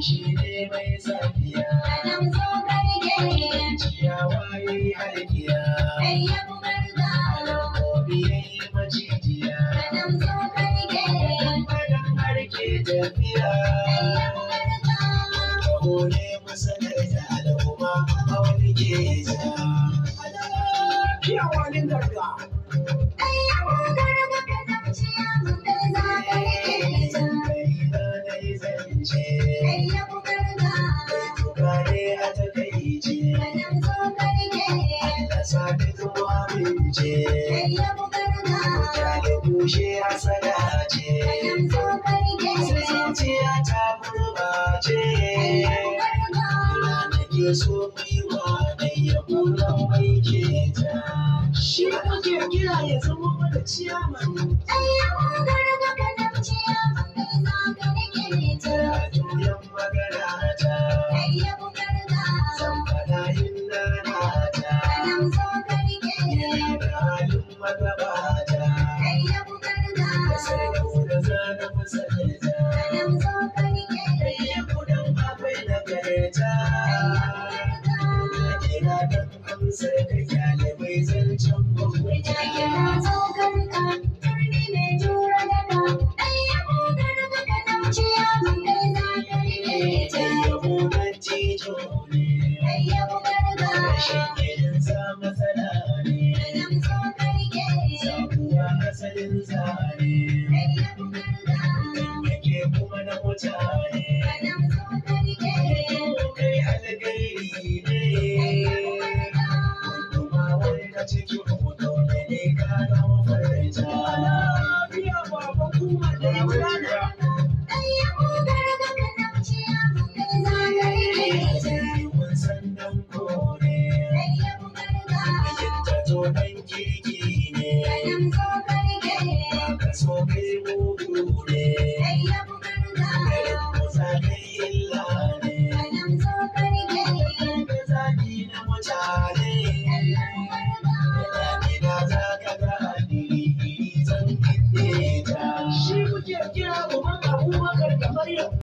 shi ne mai safiya. Adam zo garge. Ciyawa ya yi halkiya. Ayyabu garga. Alam gobi ya yi macijiya. Adam zo garge. Adam harke tafiya. ce ta da bushe hasada ce sai zuciya ta je ce na nake so biwa dai ya kula mai ke ta shi kuke kira ya zama mana ciyama? ayyawa garga kanar ciyaman da zan fada Thank you. dan kirki ne. Kayan so kai ne. Baka so kai mugu ne.